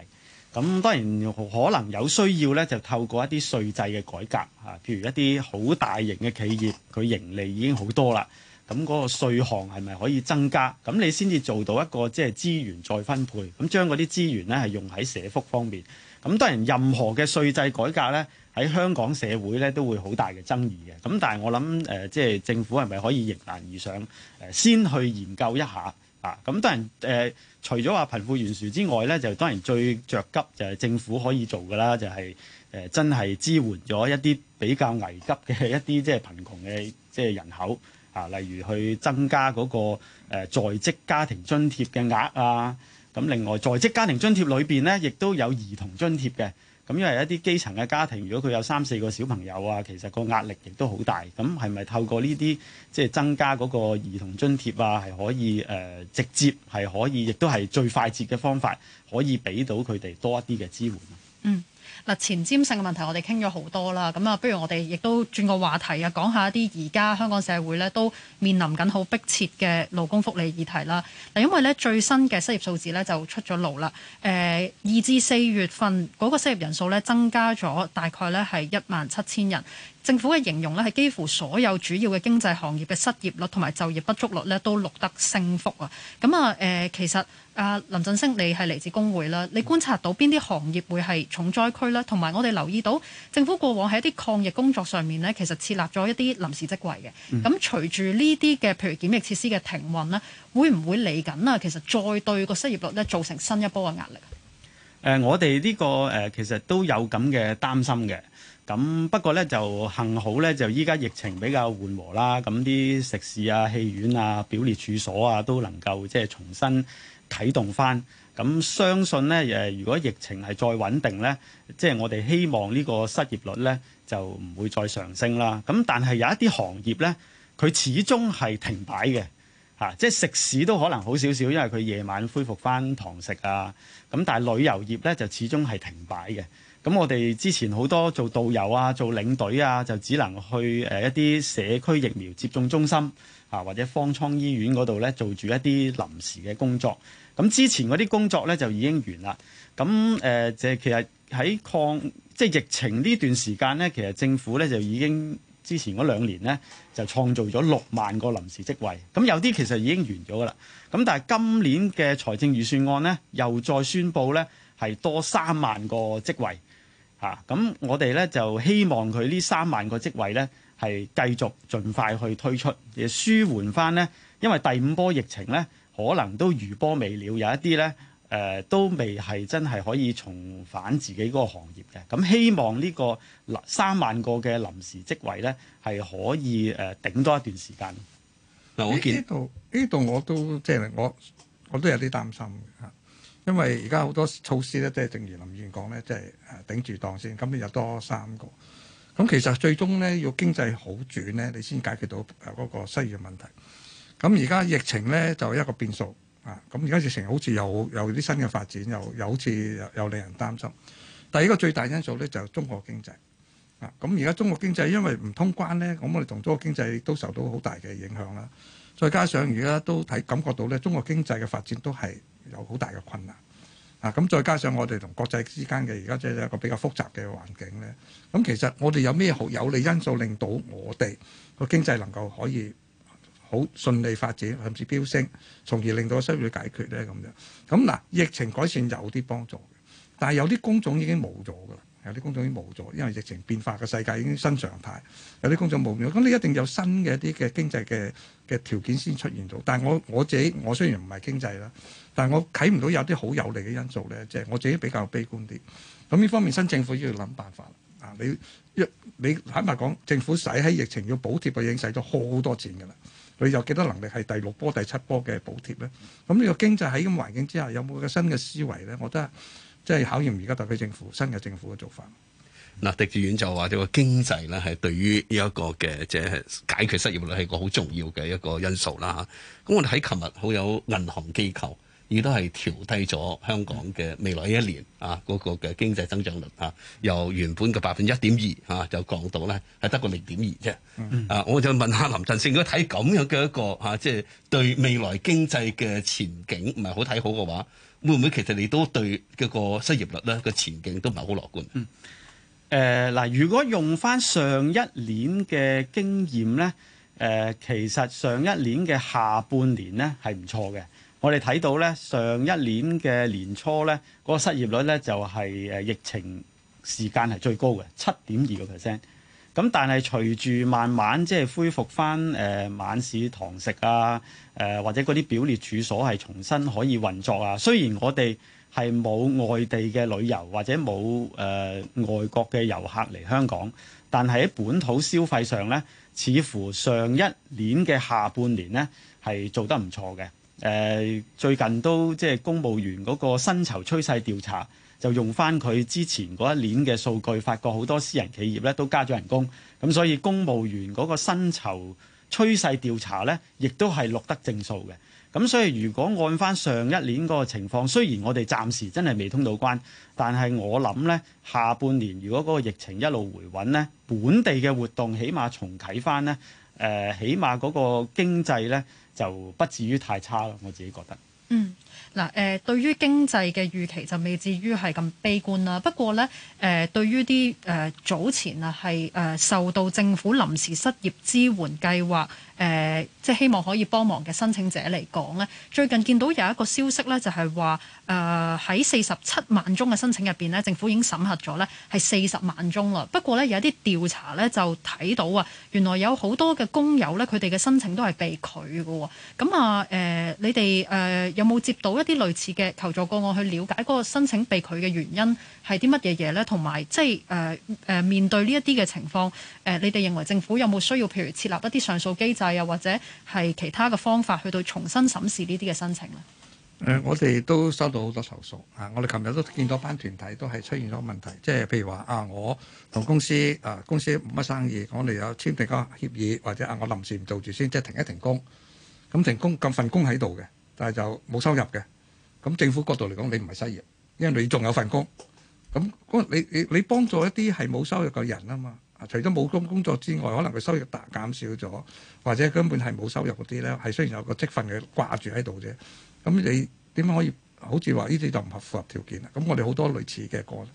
咁當然可能有需要咧，就透過一啲稅制嘅改革嚇、啊，譬如一啲好大型嘅企業，佢盈利已經好多啦。咁嗰個稅項係咪可以增加？咁你先至做到一個即係資源再分配，咁將嗰啲資源呢係用喺社福方面。咁當然任何嘅稅制改革呢，喺香港社會呢都會好大嘅爭議嘅。咁但係我諗誒，即、呃、係、就是、政府係咪可以迎難而上？誒、呃，先去研究一下啊。咁當然誒、呃，除咗話貧富懸殊之外呢，就當然最着急就係政府可以做㗎啦，就係、是、誒、呃、真係支援咗一啲比較危急嘅一啲即係貧窮嘅即係人口。啊，例如去增加嗰個在職家庭津貼嘅額啊，咁另外在職家庭津貼裏邊咧，亦都有兒童津貼嘅。咁因為一啲基層嘅家庭，如果佢有三四個小朋友啊，其實個壓力亦都好大。咁係咪透過呢啲即係增加嗰個兒童津貼啊，係可以誒直接係可以，亦都係最快捷嘅方法，可以俾到佢哋多一啲嘅支援？嗯。嗱，前瞻性嘅問題我哋傾咗好多啦，咁啊，不如我哋亦都轉個話題啊，講下一啲而家香港社會咧都面臨緊好迫切嘅勞工福利議題啦。嗱，因為咧最新嘅失業數字咧就出咗爐啦，誒，二至四月份嗰個失業人數咧增加咗大概咧係一萬七千人。政府嘅形容咧，係幾乎所有主要嘅經濟行業嘅失業率同埋就業不足率咧，都錄得升幅啊！咁啊，誒、呃，其實啊，林振昇，你係嚟自工會啦，你觀察到邊啲行業會係重災區啦，同埋，我哋留意到政府過往喺一啲抗疫工作上面呢，其實設立咗一啲臨時職位嘅。咁隨住呢啲嘅，譬如檢疫設施嘅停運咧，會唔會嚟緊啊？其實再對個失業率呢，造成新一波嘅壓力？誒、呃，我哋呢、這個誒、呃，其實都有咁嘅擔心嘅。咁不過咧就幸好咧就依家疫情比較緩和啦，咁啲食肆啊、戲院啊、表列處所啊，都能夠即係重新啟動返。咁相信咧誒，如果疫情係再穩定咧，即係我哋希望呢個失業率咧就唔會再上升啦。咁但係有一啲行業咧，佢始終係停擺嘅吓，即係食肆都可能好少少，因為佢夜晚恢復返堂食啊。咁但係旅遊業咧就始終係停擺嘅。咁我哋之前好多做導遊啊、做領隊啊，就只能去誒一啲社區疫苗接種中心啊，或者方艙醫院嗰度呢，做住一啲臨時嘅工作。咁之前嗰啲工作呢，就已經完啦。咁誒即係其實喺抗即係疫情呢段時間呢，其實政府呢，就已經之前嗰兩年呢，就創造咗六萬個臨時職位。咁有啲其實已經完咗噶啦。咁但係今年嘅財政預算案呢，又再宣布呢，係多三萬個職位。嚇！咁、啊、我哋咧就希望佢呢三萬個職位咧係繼續盡快去推出，亦舒緩翻呢，因為第五波疫情咧可能都餘波未了，有一啲咧誒都未係真係可以重返自己嗰個行業嘅。咁、嗯、希望呢個三萬個嘅臨時職位咧係可以誒頂多一段時間。嗱、啊啊，我見呢度呢度我都即係、就是、我我都有啲擔心嘅。因為而家好多措施咧，即係正如林議員講咧，即係誒頂住檔先。咁又多三個，咁其實最終咧要經濟好轉咧，你先解決到誒嗰個失業問題。咁而家疫情咧就一個變數啊！咁而家疫情好似又有啲新嘅發展，又又好似又令人擔心。第二呢個最大因素咧就係中國經濟啊！咁而家中國經濟因為唔通關咧，咁我哋同中國經濟都受到好大嘅影響啦。再加上而家都睇感覺到咧，中國經濟嘅發展都係。有好大嘅困難。啊咁再加上我哋同國際之間嘅而家即係一個比較複雜嘅環境咧，咁、啊、其實我哋有咩好有利因素令到我哋個經濟能夠可以好順利發展，甚至飆升，從而令到需要解決咧咁樣，咁、啊、嗱疫情改善有啲幫助，但係有啲工種已經冇咗噶有啲工作已經冇咗，因為疫情變化嘅世界已經新常態。有啲工作冇咗，咁你一定有新嘅一啲嘅經濟嘅嘅條件先出現到。但係我我自己，我雖然唔係經濟啦，但係我睇唔到有啲好有利嘅因素咧，即係我自己比較悲觀啲。咁呢方面新政府要諗辦法啊，你你，你坦白講，政府使喺疫情要補貼，已經使咗好多錢㗎啦。你有幾多能力係第六波、第七波嘅補貼咧？咁呢個經濟喺咁嘅環境之下，有冇個新嘅思維咧？我覺得係。即係考驗而家特區政府、新嘅政府嘅做法。嗱，狄志遠就話：，就、這、話、個、經濟咧係對於呢一個嘅即係解決失業率係一個好重要嘅一個因素啦。咁、啊、我哋喺琴日好有銀行機構，亦都係調低咗香港嘅未來一年啊嗰、那個嘅經濟增長率啊，由原本嘅百分一點二啊，就降到咧係得個零點二啫。嗯、啊，我就問下林振昇如果睇咁樣嘅一個嚇，即、啊、係、就是、對未來經濟嘅前景唔係好睇好嘅話。會唔會其實你都對嗰個失業率咧個前景都唔係好樂觀？嗯，誒、呃、嗱，如果用返上一年嘅經驗咧，誒、呃、其實上一年嘅下半年咧係唔錯嘅。我哋睇到咧上一年嘅年初咧嗰、那個失業率咧就係、是、誒疫情時間係最高嘅，七點二個 percent。咁但係隨住慢慢即係恢復翻誒、呃、晚市堂食啊，誒、呃、或者嗰啲表列處所係重新可以運作啊。雖然我哋係冇外地嘅旅遊或者冇誒、呃、外國嘅遊客嚟香港，但係喺本土消費上咧，似乎上一年嘅下半年呢，係做得唔錯嘅。誒、呃、最近都即係公務員嗰個薪酬趨勢調查。就用翻佢之前嗰一年嘅數據，發覺好多私人企業咧都加咗人工，咁所以公務員嗰個薪酬趨勢調查咧，亦都係錄得正數嘅。咁所以如果按翻上一年嗰個情況，雖然我哋暫時真係未通到關，但係我諗咧下半年如果嗰個疫情一路回穩咧，本地嘅活動起碼重啓翻咧，誒、呃、起碼嗰個經濟咧就不至於太差咯。我自己覺得，嗯。嗱誒、呃，對於經濟嘅預期就未至於係咁悲觀啦。不過呢，誒、呃、對於啲誒早前啊，係、呃、誒受到政府臨時失業支援計劃誒，即係希望可以幫忙嘅申請者嚟講呢，最近見到有一個消息呢，就係話誒喺四十七萬宗嘅申請入邊呢，政府已經審核咗呢係四十萬宗啦。不過呢，有一啲調查呢，就睇到啊，原來有好多嘅工友呢，佢哋嘅申請都係被拒嘅喎。咁啊誒，你哋誒、呃、有冇接到一啲類似嘅求助個案，去了解嗰個申請被拒嘅原因係啲乜嘢嘢咧？同埋即係誒誒面對呢一啲嘅情況，誒、呃、你哋認為政府有冇需要，譬如設立一啲上訴機制啊，或者係其他嘅方法去到重新審視呢啲嘅申請呢？誒、呃，我哋都收到好多投訴啊！我哋琴日都見到班團體都係出現咗問題，即係譬如話啊，我同公司啊，公司冇乜生意，我哋有簽定個協議，或者啊，我臨時唔做住先，即係停一停工。咁、嗯、停工，咁份工喺度嘅，但係就冇收入嘅。咁政府角度嚟講，你唔係失業，因為你仲有份工。咁你你你幫助一啲係冇收入嘅人啊嘛，除咗冇工工作之外，可能佢收入大減少咗，或者根本係冇收入嗰啲咧，係雖然有個積分嘅掛住喺度啫。咁你點樣可以好似話呢啲就唔合符合條件啊？咁我哋好多類似嘅個案，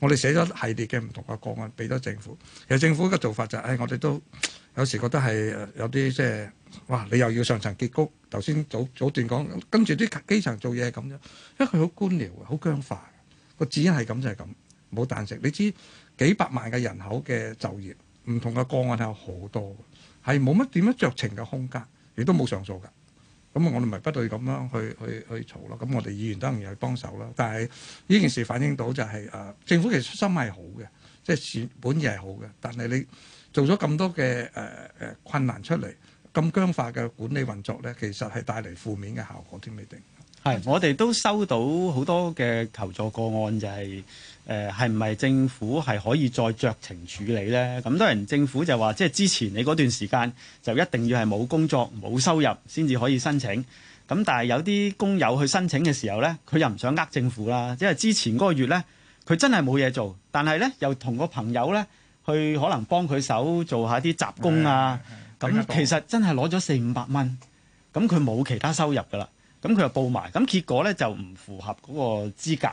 我哋寫咗系列嘅唔同嘅個案俾咗政府。其實政府嘅做法就係，哎，我哋都。有時覺得係有啲即係，哇！你又要上層結局，頭先早早段講，跟住啲基層做嘢咁樣，因為佢好官僚嘅，好僵化嘅，個指引係咁就係咁，冇彈性。你知幾百萬嘅人口嘅就業，唔同嘅個案係有好多嘅，係冇乜點樣酌情嘅空間，亦都冇上訴㗎。咁我哋咪不斷咁樣去去去嘈咯。咁我哋議員當然係幫手啦。但係呢件事反映到就係誒政府其實心係好嘅，即係本意係好嘅，但係你。做咗咁多嘅誒誒困難出嚟，咁僵化嘅管理運作呢，其實，係帶嚟負面嘅效果添未定。係，我哋都收到好多嘅求助個案，就是，就係誒，係唔係政府係可以再酌情處理呢？咁多人政府就話，即係之前你嗰段時間，就一定要係冇工作冇收入先至可以申請。咁但係有啲工友去申請嘅時候呢，佢又唔想呃政府啦，因為之前嗰個月呢，佢真係冇嘢做，但係，呢又同個朋友呢。去可能幫佢手做下啲雜工啊，咁、嗯、其實真係攞咗四五百蚊，咁佢冇其他收入噶啦，咁佢又報埋，咁結果呢就唔符合嗰個資格，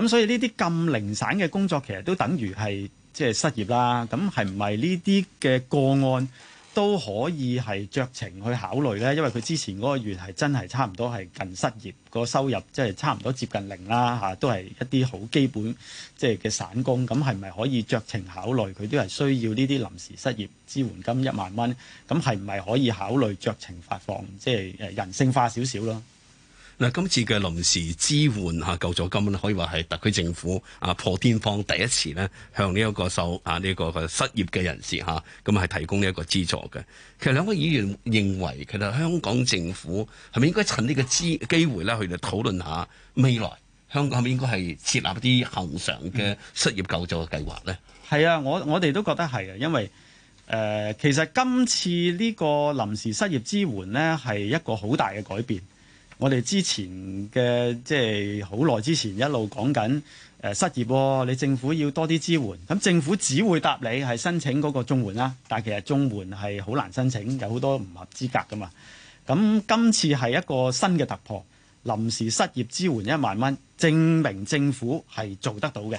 咁所以呢啲咁零散嘅工作其實都等於係即係失業啦，咁係唔係呢啲嘅個案？都可以係酌情去考慮呢，因為佢之前嗰個月係真係差唔多係近失業個收入，即係差唔多接近零啦嚇，都係一啲好基本即係嘅散工，咁係咪可以酌情考慮？佢都係需要呢啲臨時失業支援金一萬蚊，咁係唔係可以考慮酌情發放，即係人性化少少咯？嗱，今次嘅臨時支援嚇救助金咧，可以話係特區政府啊破天荒第一次咧，向呢一個受啊呢一個嘅失業嘅人士嚇，咁、啊、係提供呢一個資助嘅。其實兩個議員認為，其實香港政府係咪應該趁呢個機機會咧，去嚟討論下未來香港係咪應該係設立一啲恆常嘅失業救助嘅計劃咧？係、嗯、啊，我我哋都覺得係啊，因為誒、呃，其實今次呢個臨時失業支援呢係一個好大嘅改變。我哋之前嘅即係好耐之前一路講緊誒失業，你政府要多啲支援，咁政府只會答你係申請嗰個綜援啦，但係其實綜援係好難申請，有好多唔合資格噶嘛。咁今次係一個新嘅突破，臨時失業支援一萬蚊，證明政府係做得到嘅。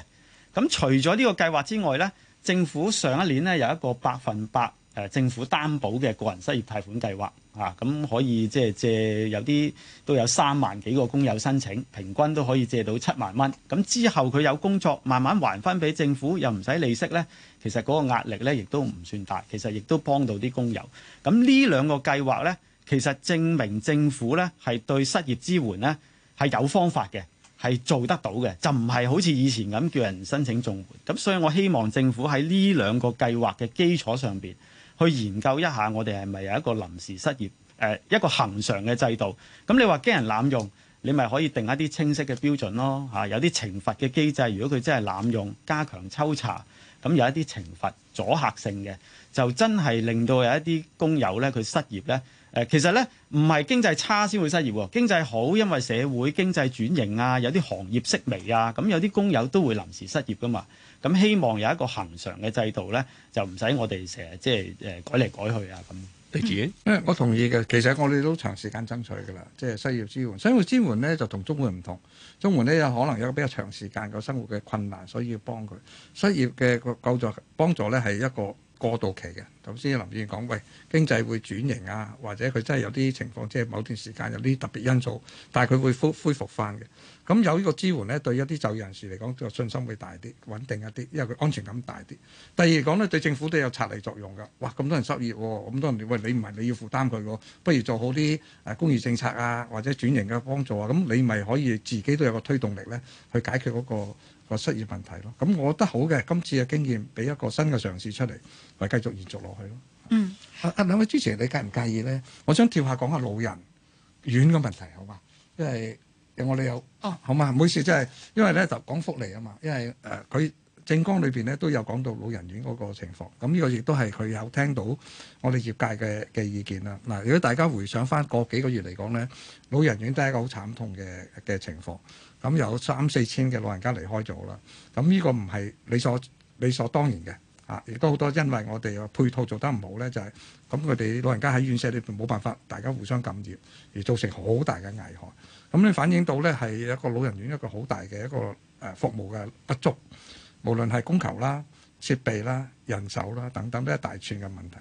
咁除咗呢個計劃之外咧，政府上一年咧有一個百分百。誒、啊、政府擔保嘅個人失業貸款計劃啊，咁、嗯、可以即係借有啲都有三萬幾個工友申請，平均都可以借到七萬蚊。咁、嗯、之後佢有工作，慢慢還翻俾政府，又唔使利息呢。其實嗰個壓力呢，亦都唔算大。其實亦都幫到啲工友。咁、嗯、呢兩個計劃呢，其實證明政府呢係對失業支援呢係有方法嘅，係做得到嘅，就唔係好似以前咁叫人申請綜援。咁、嗯、所以我希望政府喺呢兩個計劃嘅基礎上邊，去研究一下，我哋係咪有一個臨時失業誒、呃、一個恒常嘅制度？咁你話驚人濫用，你咪可以定一啲清晰嘅標準咯吓、啊，有啲懲罰嘅機制，如果佢真係濫用，加強抽查，咁有一啲懲罰阻吓性嘅，就真係令到有一啲工友咧佢失業咧。誒其實咧唔係經濟差先會失業喎，經濟好，因為社會經濟轉型啊，有啲行業式微啊，咁有啲工友都會臨時失業噶嘛。咁希望有一個恒常嘅制度咧，就唔使我哋成日即係誒改嚟改去啊咁。狄志遠， (noise) 我同意嘅，其實我哋都長時間爭取噶啦，即係失業支援。失業支援咧就同綜援唔同，綜援咧有可能有一個比較長時間嘅生活嘅困難，所以要幫佢失業嘅個救助幫助咧係一個。過渡期嘅，頭先林議員講，喂，經濟會轉型啊，或者佢真係有啲情況，即係某段時間有啲特別因素，但係佢會恢恢復翻嘅。咁有呢個支援呢，對一啲就業人士嚟講，就信心會大啲，穩定一啲，因為佢安全感大啲。第二講呢，對政府都有策略作用㗎。哇，咁多人失業喎，咁多人，喂，你唔係你要負擔佢喎，不如做好啲誒公義政策啊，或者轉型嘅幫助啊，咁你咪可以自己都有個推動力呢，去解決嗰個個失業問題咯，咁我覺得好嘅，今次嘅經驗俾一個新嘅嘗試出嚟，咪、就是、繼續延續落去咯。嗯，阿阿、啊、兩位主持人，你介唔介意咧？我想跳下講下老人院嘅問題，好嘛？因為我哋有哦，好、呃、嘛，唔好意思，即係因為咧就講福利啊嘛，因為誒佢政綱裏邊咧都有講到老人院嗰個情況，咁呢個亦都係佢有聽到我哋業界嘅嘅意見啦。嗱，如果大家回想翻個幾個月嚟講咧，老人院都係一個好慘痛嘅嘅情況。咁、嗯、有三四千嘅老人家離開咗啦，咁、嗯、呢、呢個唔係理所理所當然嘅，啊，亦都好多因為我哋嘅配套做得唔好咧，就係咁佢哋老人家喺院舍裏邊冇辦法大家互相感染，而造成好大嘅危害。咁、嗯、你反映到咧係一個老人院一個好大嘅一個誒服務嘅不足，無論係供求啦、設備啦、人手啦等等都係大串嘅問題。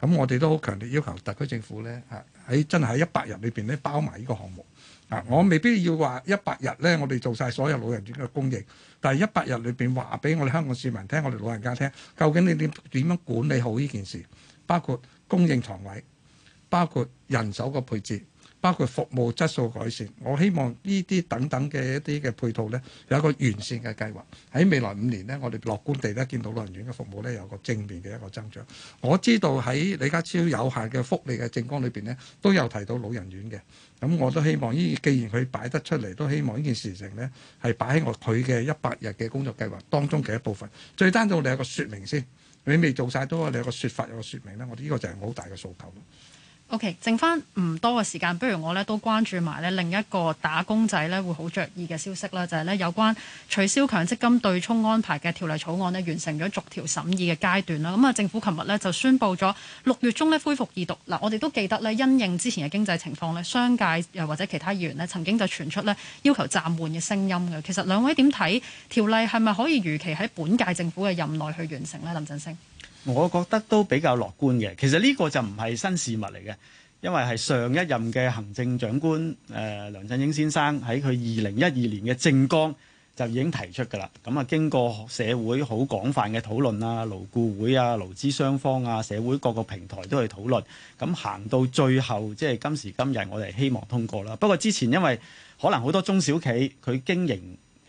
咁、嗯、我哋都好強烈要求特區政府咧，嚇、啊、喺真係喺一百日裏邊咧包埋呢個項目。啊！我未必要話一百日呢，我哋做晒所有老人院嘅供應，但係一百日裏邊話俾我哋香港市民聽，我哋老人家聽，究竟你點點樣管理好呢件事？包括供應床位，包括人手個配置。包括服務質素改善，我希望呢啲等等嘅一啲嘅配套呢，有一個完善嘅計劃。喺未來五年呢，我哋樂觀地咧，見到老人院嘅服務呢，有個正面嘅一個增長。我知道喺李家超有限嘅福利嘅政綱裏邊呢，都有提到老人院嘅。咁我都希望，依既然佢擺得出嚟，都希望呢件事情呢，係擺喺我佢嘅一百日嘅工作計劃當中嘅一部分。最單到你有個説明先，你未做晒都話你有個説法有個説明呢。我哋呢個就係好大嘅訴求。O.K. 剩翻唔多嘅時間，不如我咧都關注埋咧另一個打工仔咧會好着意嘅消息啦，就係、是、咧有關取消強積金對沖安排嘅條例草案呢，完成咗逐條審議嘅階段啦。咁、嗯、啊，政府琴日咧就宣布咗六月中咧恢復二讀。嗱，我哋都記得咧，因應之前嘅經濟情況咧，商界又或者其他議員呢，曾經就傳出咧要求暫緩嘅聲音嘅。其實兩位點睇條例係咪可以如期喺本屆政府嘅任內去完成呢？林振昇。我覺得都比較樂觀嘅，其實呢個就唔係新事物嚟嘅，因為係上一任嘅行政長官誒、呃、梁振英先生喺佢二零一二年嘅政綱就已經提出㗎啦。咁啊，經過社會好廣泛嘅討論啊，勞顧會啊、勞資雙方啊、社會各個平台都去討論，咁行到最後即係、就是、今時今日，我哋希望通過啦。不過之前因為可能好多中小企佢經營。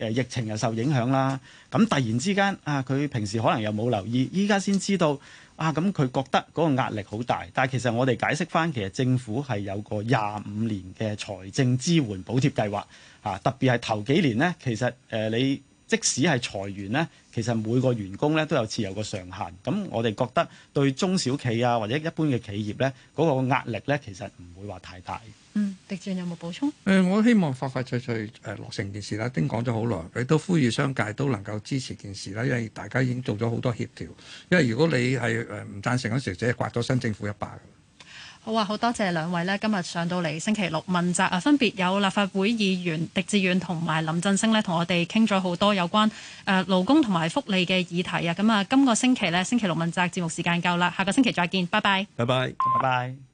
誒疫情又受影響啦，咁突然之間啊，佢平時可能又冇留意，依家先知道啊，咁佢覺得嗰個壓力好大，但係其實我哋解釋翻，其實政府係有個廿五年嘅財政支援補貼計劃，嚇、啊，特別係頭幾年呢。其實誒、呃、你。即使係裁員呢，其實每個員工呢都有自由嘅上限。咁我哋覺得對中小企啊或者一般嘅企業呢，嗰、嗰個壓力呢其實唔會話太大。嗯，狄志遠有冇補充？誒、呃，我希望快快脆脆誒落成件事啦。丁講咗好耐，亦都呼籲商界都能夠支持件事啦，因為大家已經做咗好多協調。因為如果你係誒唔贊成嗰陣時，只係刮咗新政府一把。好啊，好多謝兩位咧，今日上到嚟星期六問責啊，分別有立法會議員狄志遠同埋林振昇咧，同我哋傾咗好多有關誒、呃、勞工同埋福利嘅議題啊。咁啊，今個星期咧，星期六問責節目時間夠啦，下個星期再見，拜拜。拜拜，拜拜。